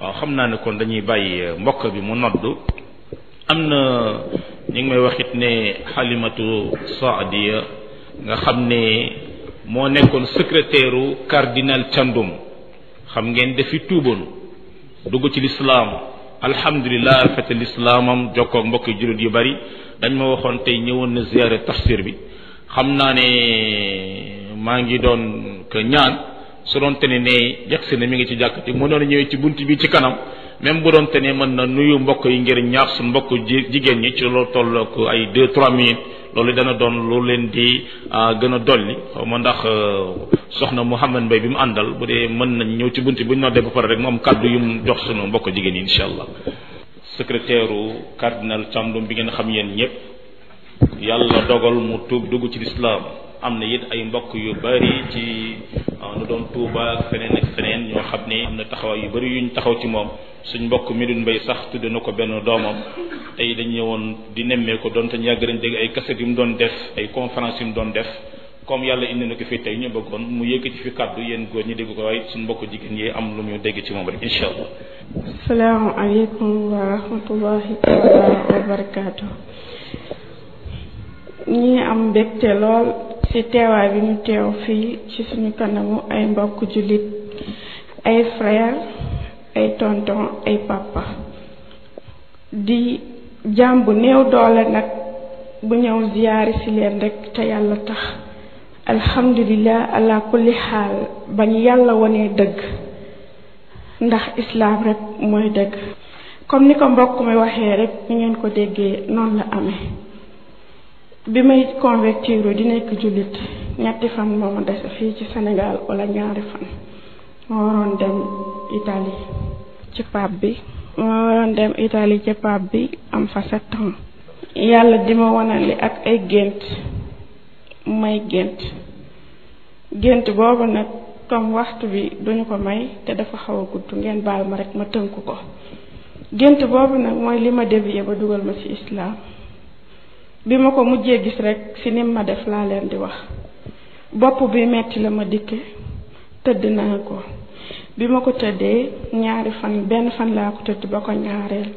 waaw xam naa ne kon dañuy bàyyi euh, mbokk bi mu nodd am na ñu ngi may waxit ne xalimatu saadiya nga xam ne moo nekkoon secrétaire u cardinal Thiandoum xam ngeen dafi tuuboon dugg ci lislaam alhamdulilah alfate lislaamam jokkoog mbokki jullit yu bari dañ ma waxoon tey ñëwoon na ziyaare tafsir bi xam naa ne maa ngi doon ko ñaan su doon te ne nee yegsi na mi ngi ci jàkk te mënoon a ñëwee ci bunt bi ci kanam même bu doon te ne mën na nuyu mbokk yi ngir ñaax suñu mbokk jigéen ñi ci loolu tollook ay deux trois minutes loolu dana doon lu leen di ah, gën a dolli xaw ma ndax euh, soxna Mouhamed Mbaye bi mu àndal bu dee mën nañ ñëw ci bunt bi ñu noddee ba pare rek mu am kàddu yu mu jox suñu mbokk jigéen yi incha allah secrétaire u cardinal Thiandoum bi ngeen xam yéen ñëpp yàlla dogal mu tuub dugg ci lislaam am na it ay mbokk yu bari xam nu doon Touba ak feneen ak feneen ñoo xam ne am na taxawaay yu bëri yuñ taxaw ci moom suñ mbokk Medoune Mbaye sax tudde na ko benn doomam tey dañ ñëwoon di nemmee ko doon te ñu yàgg nañ dégg yu mu doon def ay conférence mu doon def comme yàlla indi na ko fii tey ñu bëggoon mu yëkkati ci fi kàddu yéen góor ñu dégg ko waaye suñ mbokk jigéen yi am lu ñu dégg ci moom rek incha allah. salaamaaleykum wa rahmatullahi wa barakaatu. ñi am mbégte lool. ci teewaay bi ñu teew fii ci suñu kanamu ay mbokk jullit ay frère ay tonton ay papa di jaam bu néew doole nag bu ñëw ziyaari ci leen rekk te yàlla tax alhamdulilah ala kulli xaal bañ yàlla wonee dëgg ndax islaam rek mooy dëgg comme ni ko mbokk mi waxee rek ñu ngeen ko déggee noonu la amee bi may convertir di nekk jullit ñetti fan moo ma dese fii ci Sénégal wala ñaari fan ma waroon dem Italie ci pape bi dem Italie ci pape bi am fa sept ans yàlla di ma wanali ak ay gént may gént gént boobu nag comme waxtu bi duñu ko may te dafa xaw a gudd ngeen baal ma rek ma tënk ko gént boobu nag mooy li ma dévier ba dugal ma ci islaam bi ma ko mujjee gis rek ci nim ma def laa leen di wax bopp bi metti la ma dikk tëdd naa ko bi ma ko tëddee ñaari fan benn fan laa ko tëdd ba ko ñaareel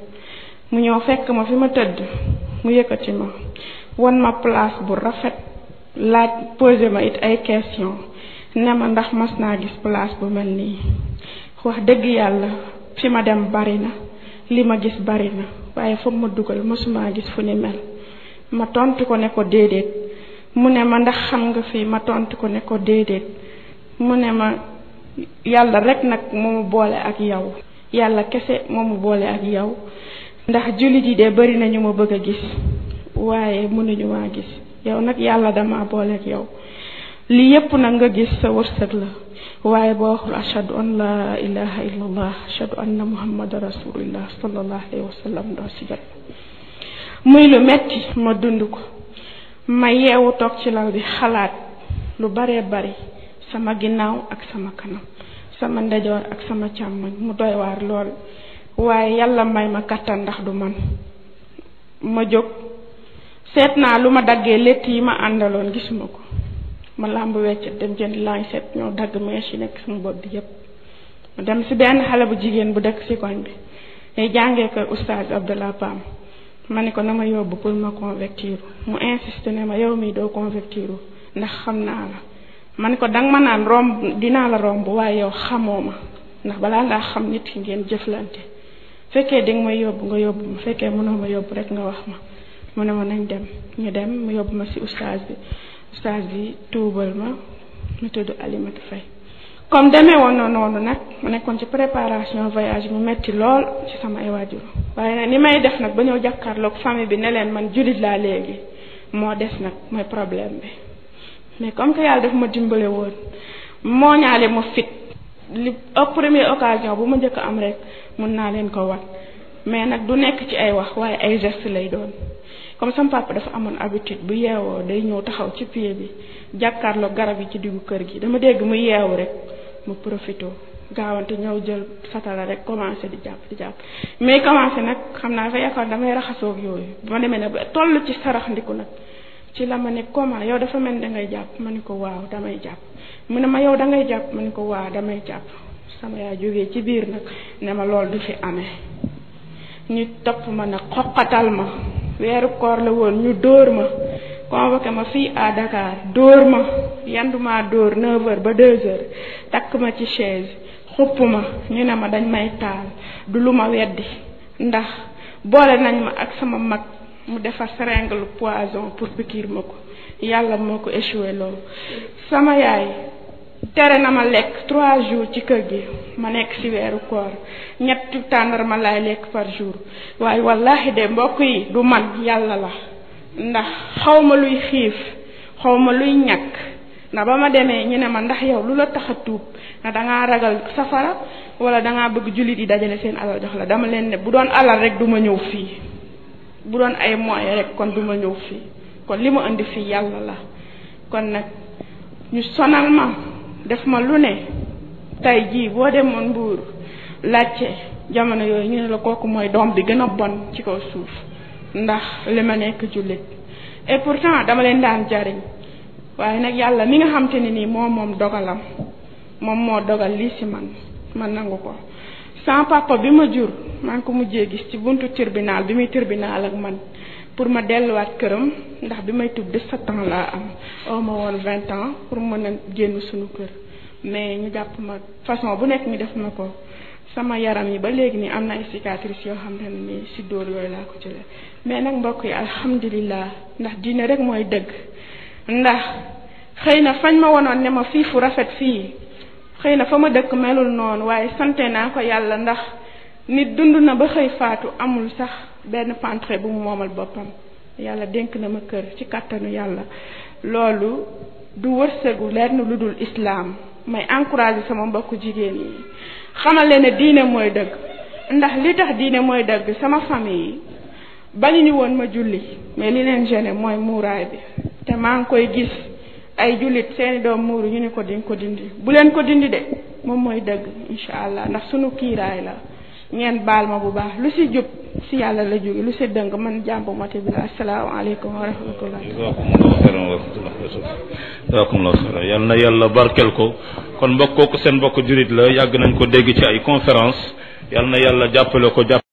mu ñëw fekk ma fi ma tëdd mu yëkkati ma wan ma place bu rafet laaj posé ma it ay question ne ma ndax mas naa gis place bu mel nii wax dëgg yàlla fi ma dem bari na li ma gis bari na waaye fa ma dugal masumaa gis fu ni mel ma tontu ko ne ko déedéet mu ne ma ndax xam nga fii ma tontu ko ne ko déedéet mu ne ma yàlla rek nag moomu boole ak yow yàlla kese moomu boole ak yow ndax jullit yi de bari nañu ma bëgg a gis waaye mënuñu maa gis yow nag yàlla dama boole ak yow lii yépp nag nga gis sa wërsëg la waaye boo waxul ashadu an laa ilaha illallah ashadu anna muhammadan rasulillah sallallahu alayhi wa sallam doo si jot muy lu metti ma dund ko ma yeewu toog ci lal bi xalaat lu baree bari sama ginnaaw ak sama kanam sama ndejoor ak sama càmmoñ mu doy waar lool waaye yàlla may ma kàttan ndax du man ma jóg seet naa lu ma daggee létt yi ma àndaloon gisuma ko ma làmb weccet dem jënd lancet ñoo dagg mèche yi nekk sama bopp bi yépp dem si benn xale bu jigéen bu dëkk si koñ bi day jàngee ko oustaz Abdallah Pam ma ne ko na ma yóbbu pour ma convertir mu insiste ne ma yow mii doo convertir ndax xam naa la ma ne ko danga ma naan romb dinaa la romb waaye yow xamoo ma ndax balaa ngaa xam nit ki ngeen jëflante fekkee dinga ma yóbbu nga yóbbu ma fekkee mënoo ma yóbbu rek nga wax ma mu ne ma nañ dem ñu dem mu yóbbu ma ci oustaz bi oustaz bi tuubal ma mu tudd Alimatu Fay comme demee woon na noonu nag ma nekkoon ci préparation voyage mu metti lool ci sama ay waajur waaye nag ni may def nag ba ñëw jàkkaarloog famille bi ne leen man jullit laa léegi moo des nag mooy problème bi mais comme que yàlla dafa ma dimbale woon moo ñaale ma fit li première occasion bu ma njëkk am rek mun naa leen ko wan mais nag du nekk ci ay wax waaye ay geste lay doon comme sama papa dafa amoon habitude bu yeewoo day ñëw taxaw ci pie bi jàkkaarloog garab yi ci diggu kër gi dama dégg mu yeewu rek ma profité gaawante ñëw jël satala rek commencé di jàpp di jàpp mais commencé nag xam naa dafa yaakaar damay raxasoog yooyu ba ma demee nag ba toll ci sarax ndiku nag ci la ma ne comment yow dafa mel da ngay jàpp ma ne ko waaw damay jàpp mu ne ma yow dangay ngay jàpp ma ne ko waaw damay jàpp sama yaa jógee ci biir nag ne ma lool du fi amee ñu topp ma nag xoqatal ma weeru koor la woon ñu dóor ma convoqué ma fi à Dakar dóor ma yanduma dóor 9 ba 2h takk ma ci chaise xupp ma ñu ne ma dañ may taal du lu ma weddi ndax boole nañ ma ak sama mag mu defar seringue poison pour pikiir ma ko yàlla moo ko échoué loolu sama yaay tere na ma lekk trois jours ci kër gi ma nekk ci weeru koor ñetti tàndarma laay lekk par jour waaye wallahi de mbokk yi du man yàlla la ndax xaw ma luy xiif xawma luy ñàkk ndax ba ma demee ñu ne ma ndax yow lu la tax a tuub na dangaa ragal safara wala dangaa bëgg jullit yi dajale seen alal jox la dama leen ne bu doon alal rek duma ñëw fii bu doon ay moyens rek kon duma ma ñëw fii kon li ma indi fii yàlla la kon nag ñu sonal ma def ma lu ne tey jii boo demoon mbuur laajte jamono yooyu ñu ne la kooku mooy doom bi gën a bon ci kaw suuf ndax li ma nekk jullit et pourtant dama leen daan jariñ waaye nag yàlla mi nga xam te ne nii moo moom dogalam moom moo dogal lii si man ma nangu ko sans papa bi ma jur maa ko mujjee gis ci buntu tribunal bi muy tribunal ak man pour ma delluwaat këram ndax bi may tub dix-sept ans laa am oo ma woon vingt ans pour mën a génn suñu kër mais ñu jàpp ma façon bu nekk ñu def ma ko sama yaram yi ba léegi ni am na ay cicatrices yoo xam ne ni si dóor yooyu laa ko jëlee mais nag mbokk yi alhamdulilah ndax diine rek mooy dëgg ndax xëy na fañ ma wonoon ne ma fii fu rafet fii xëy na fa ma dëkk melul noonu waaye sante naa ko yàlla ndax nit dund na ba xëy faatu amul sax benn pentre bu mu moomal boppam yàlla denk na ma kër ci kàttanu yàlla loolu du wërsëgu lenn lu dul islaam may encouragé sama mbokku jigéen yi xamal leen ne diine mooy dëgg ndax li tax diine mooy dëgg sama famille yi bañuñu woon ma julli mais li leen gêné mooy muuraay bi te maa ngi koy gis ay jullit seeni doom muuru ñu ne ko diñ ko dindi bu leen ko dindi de moom mooy dëgg incha allah ndax sunu kiiraay la ngeen baal ma bu baax lu si jub si yàlla la jóge lu si dëng man jàmbu mati bi la asalaamaaleykum wa rahmatullah jazakumullahu xayran yal na yàlla barkel ko kon mbokk kooku seen mbokk jurit la yàgg nañ ko dégg ci ay conférence yal na yàlla jàppale ko jàpp